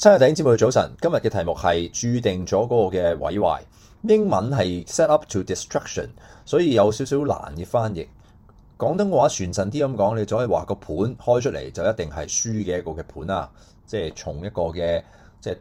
七日睇節目嘅早晨，今日嘅題目係注定咗嗰個嘅毀壞，英文係 set up to destruction，所以有少少難以翻譯。廣東話，傳神啲咁講，你就可以話個盤開出嚟就一定係輸嘅一個嘅盤啊，即係從一個嘅即係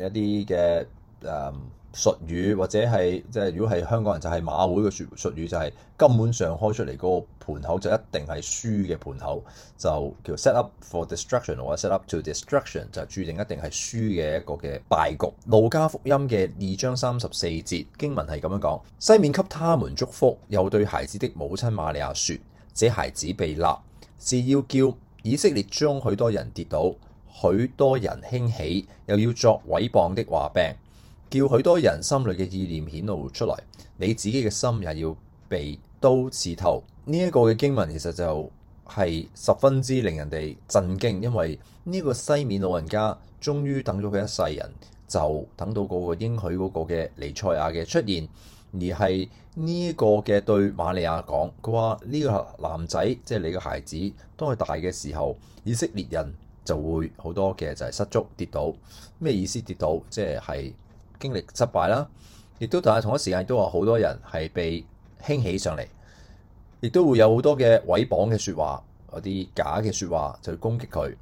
一啲嘅誒。Um, 術語或者係即係，就是、如果係香港人就係、是、馬會嘅術、術語、就是，就係根本上開出嚟個盤口就一定係輸嘅盤口，就叫 set up for destruction 或 set up to destruction，就注定一定係輸嘅一個嘅敗局。路加福音嘅二章三十四節經文係咁樣講：西面給他們祝福，又對孩子的母親瑪利亞説：這孩子被立，是要叫以色列將許多人跌倒，許多人興起，又要作毀謗的話柄。叫許多人心裏嘅意念顯露出嚟，你自己嘅心也要被刀刺透。呢一個嘅經文其實就係十分之令人哋震驚，因為呢個西面老人家終於等咗佢一世人，就等到嗰個應許嗰個嘅尼賽亞嘅出現，而係呢個嘅對瑪利亞講，佢話呢個男仔即係你嘅孩子，當佢大嘅時候，以色列人就會好多嘅就係失足跌倒。咩意思跌倒？即係。經歷失敗啦，亦都但係同一時間都話好多人係被興起上嚟，亦都會有好多嘅毀謗嘅說話，嗰啲假嘅說話就攻擊佢，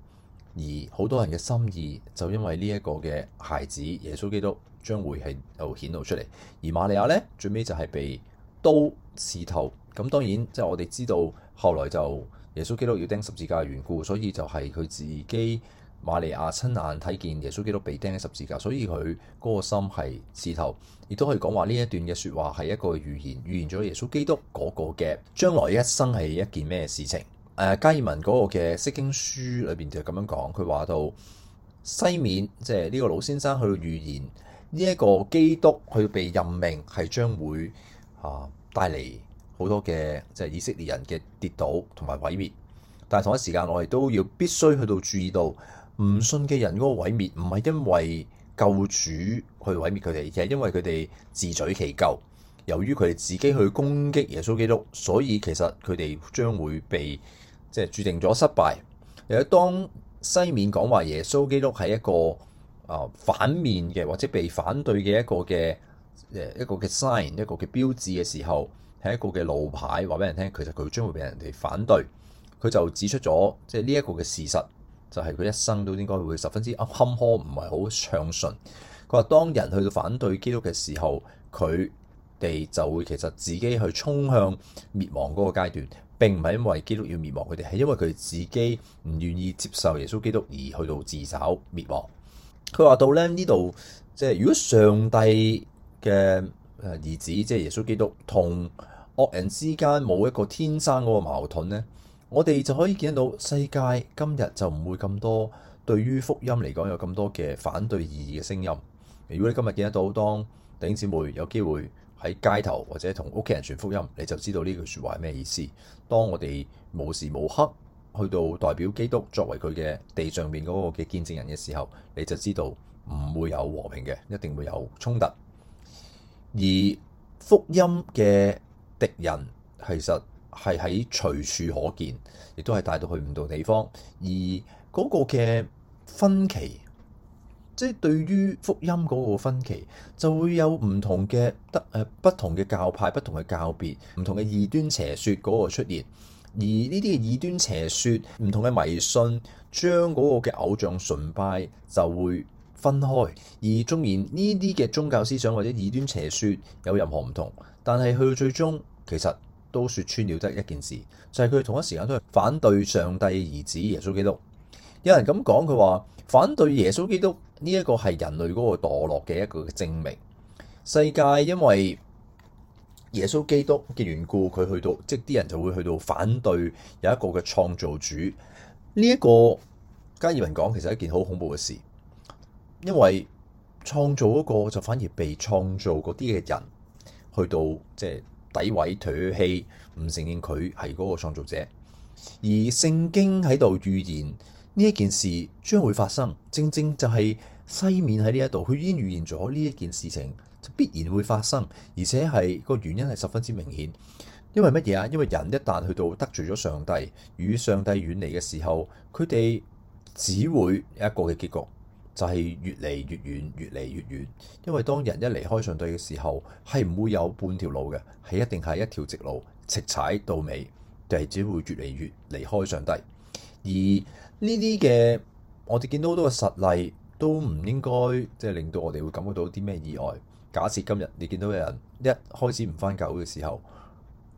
而好多人嘅心意就因為呢一個嘅孩子耶穌基督將會係就顯露出嚟，而瑪利亞呢，最尾就係被刀刺透，咁當然即係我哋知道後來就耶穌基督要釘十字架嘅緣故，所以就係佢自己。瑪利亞親眼睇見耶穌基督被釘喺十字架，所以佢嗰個心係刺透，亦都可以講話呢一段嘅説話係一個預言，預言咗耶穌基督嗰個嘅將來一生係一件咩事情？誒、啊，加爾文嗰個嘅《釋經書裡面》裏邊就咁樣講，佢話到西面即係呢個老先生去預言呢一、呢個基督去被任命係將會啊帶嚟好多嘅即係以色列人嘅跌倒同埋毀滅。但係同一時間，我哋都要必須去到注意到。唔信嘅人嘅毀滅，唔係因為救主去毀滅佢哋，而係因為佢哋自取其咎。由於佢哋自己去攻擊耶穌基督，所以其實佢哋將會被即係注定咗失敗。又有當西面講話耶穌基督係一個啊、呃、反面嘅或者被反對嘅一個嘅誒一個嘅 sign 一個嘅標誌嘅時候，係一個嘅路牌話俾人聽，其實佢將會俾人哋反對。佢就指出咗即係呢一個嘅事實。就係佢一生都應該會十分之坎坷，唔係好暢順。佢話：當人去到反對基督嘅時候，佢哋就會其實自己去衝向滅亡嗰個階段。並唔係因為基督要滅亡佢哋，係因為佢自己唔願意接受耶穌基督而去到自找滅亡。佢話到咧呢度，即係如果上帝嘅兒子即係耶穌基督同惡人之間冇一個天生嗰個矛盾咧。我哋就可以見得到世界今日就唔會咁多對於福音嚟講有咁多嘅反對意義嘅聲音。如果你今日見得到，當弟兄姊妹有機會喺街頭或者同屋企人傳福音，你就知道呢句說話係咩意思。當我哋無時無刻去到代表基督，作為佢嘅地上面嗰個嘅見證人嘅時候，你就知道唔會有和平嘅，一定會有衝突。而福音嘅敵人其實。係喺隨處可見，亦都係帶到去唔同地方。而嗰個嘅分歧，即、就、係、是、對於福音嗰個分歧，就會有唔同嘅得誒不同嘅、呃、教派、不同嘅教別、唔同嘅異端邪說嗰個出現。而呢啲嘅異端邪說、唔同嘅迷信，將嗰個嘅偶像崇拜就會分開。而縱然呢啲嘅宗教思想或者異端邪說有任何唔同，但係去到最終，其實。都說穿了得一件事，就係、是、佢同一時間都係反對上帝嘅兒子耶穌基督。有人咁講佢話反對耶穌基督呢一、這個係人類嗰個墮落嘅一個嘅證明。世界因為耶穌基督嘅緣故，佢去到，即啲人就會去到反對有一個嘅創造主。呢、這、一個加爾文講，其實一件好恐怖嘅事，因為創造嗰、那個就反而被創造嗰啲嘅人去到即係。就是詆毀、唾棄，唔承認佢係嗰個創造者，而聖經喺度預言呢一件事將會發生，正正就係西面喺呢一度，佢已經預言咗呢一件事情就必然會發生，而且係個原因係十分之明顯，因為乜嘢啊？因為人一旦去到得罪咗上帝，與上帝遠離嘅時候，佢哋只會有一個嘅結局。就係越嚟越遠，越嚟越遠。因為當人一離開上帝嘅時候，係唔會有半條路嘅，係一定係一條直路，直踩到尾，就係只會越嚟越離開上帝。而呢啲嘅我哋見到好多嘅實例，都唔應該即係、就是、令到我哋會感覺到啲咩意外。假設今日你見到嘅人一開始唔返教會嘅時候，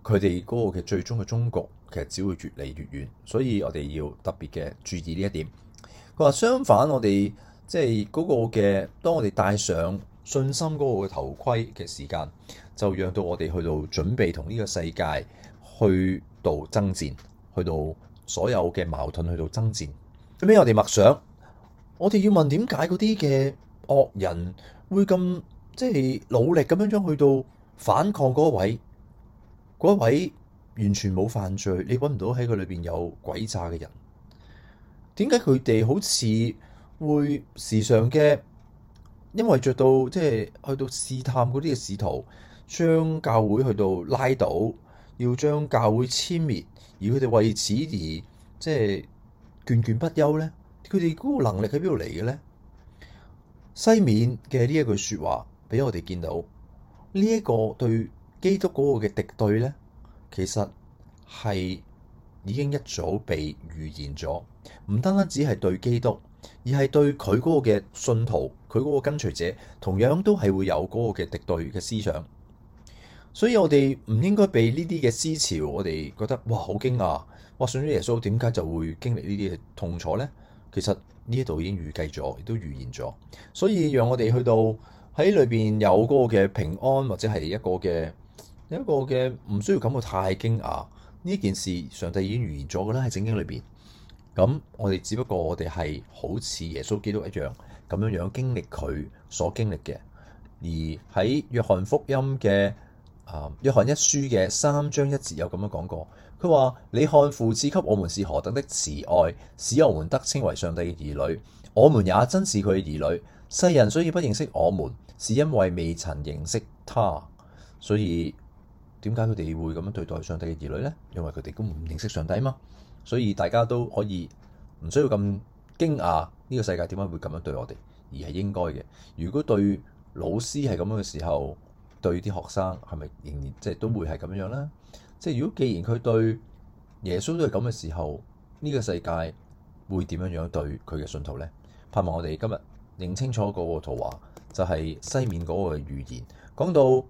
佢哋嗰個嘅最終嘅終局，其實只會越嚟越遠。所以我哋要特別嘅注意呢一點。佢話相反我，我哋。即係嗰個嘅，當我哋戴上信心嗰個頭盔嘅時間，就讓到我哋去到準備同呢個世界去到爭戰，去到所有嘅矛盾去到爭戰。咁，最尾我哋默想，我哋要問點解嗰啲嘅惡人會咁即係努力咁樣樣去到反抗嗰位，嗰位完全冇犯罪，你揾唔到喺佢裏邊有鬼詐嘅人，點解佢哋好似？會時常嘅，因為着到即係去到試探嗰啲嘅使徒，將教會去到拉倒，要將教會殲滅，而佢哋為此而即係倦倦不休咧。佢哋嗰個能力喺邊度嚟嘅咧？西面嘅呢一句說話俾我哋見到呢一個對基督嗰個嘅敵對咧，其實係已經一早被預言咗，唔單單只係對基督。而係對佢嗰個嘅信徒，佢嗰個跟隨者，同樣都係會有嗰個嘅敵對嘅思想。所以我哋唔應該被呢啲嘅思潮，我哋覺得哇好驚訝，哇！信咗耶穌點解就會經歷呢啲嘅痛楚咧？其實呢一度已經預計咗，亦都預言咗。所以讓我哋去到喺裏邊有嗰個嘅平安，或者係一個嘅一個嘅唔需要感覺太驚訝。呢件事，上帝已經預言咗噶啦，喺聖經裏邊。咁我哋只不過我哋係好似耶穌基督一樣咁樣樣經歷佢所經歷嘅，而喺約翰福音嘅，啊約翰一書嘅三章一節有咁樣講過，佢話，你看父賜給我們是何等的慈愛，使我們得稱為上帝嘅兒女，我們也真是佢嘅兒女。世人所以不認識我們，是因為未曾認識他，所以點解佢哋會咁樣對待上帝嘅兒女呢？因為佢哋根本唔認識上帝嘛。所以大家都可以唔需要咁驚訝呢個世界點解會咁樣對我哋，而係應該嘅。如果對老師係咁樣嘅時候，對啲學生係咪仍然即係都會係咁樣咧？即係如果既然佢對耶穌都係咁嘅時候，呢個世界會點樣樣對佢嘅信徒咧？盼望我哋今日認清楚嗰個圖畫，就係西面嗰個預言講到。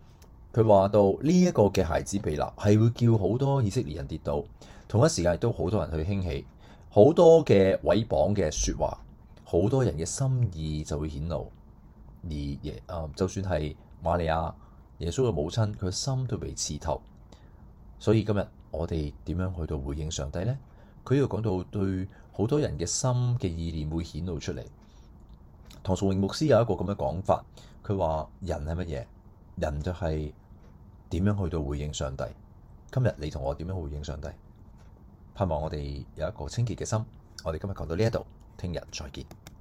佢話到呢一，這個嘅孩子被立，係會叫好多以色列人跌倒，同一時間亦都好多人去興起，好多嘅毀謗嘅説話，好多人嘅心意就會顯露。而耶啊、呃，就算係瑪利亞，耶穌嘅母親，佢嘅心都被刺透。所以今日我哋點樣去到回應上帝咧？佢又講到對好多人嘅心嘅意念會顯露出嚟。唐崇榮牧師有一個咁嘅講法，佢話人係乜嘢？人就係，是。點樣去到回應上帝？今日你同我點樣回應上帝？盼望我哋有一個清潔嘅心。我哋今日講到呢一度，聽日再見。